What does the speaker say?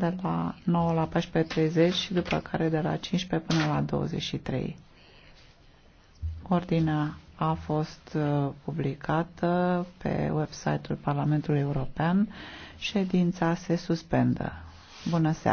de la 9 la 14.30 și după care de la 15 până la 23. Ordinea a fost uh, publicată pe website-ul Parlamentului European. Ședința se suspendă. Bună seara!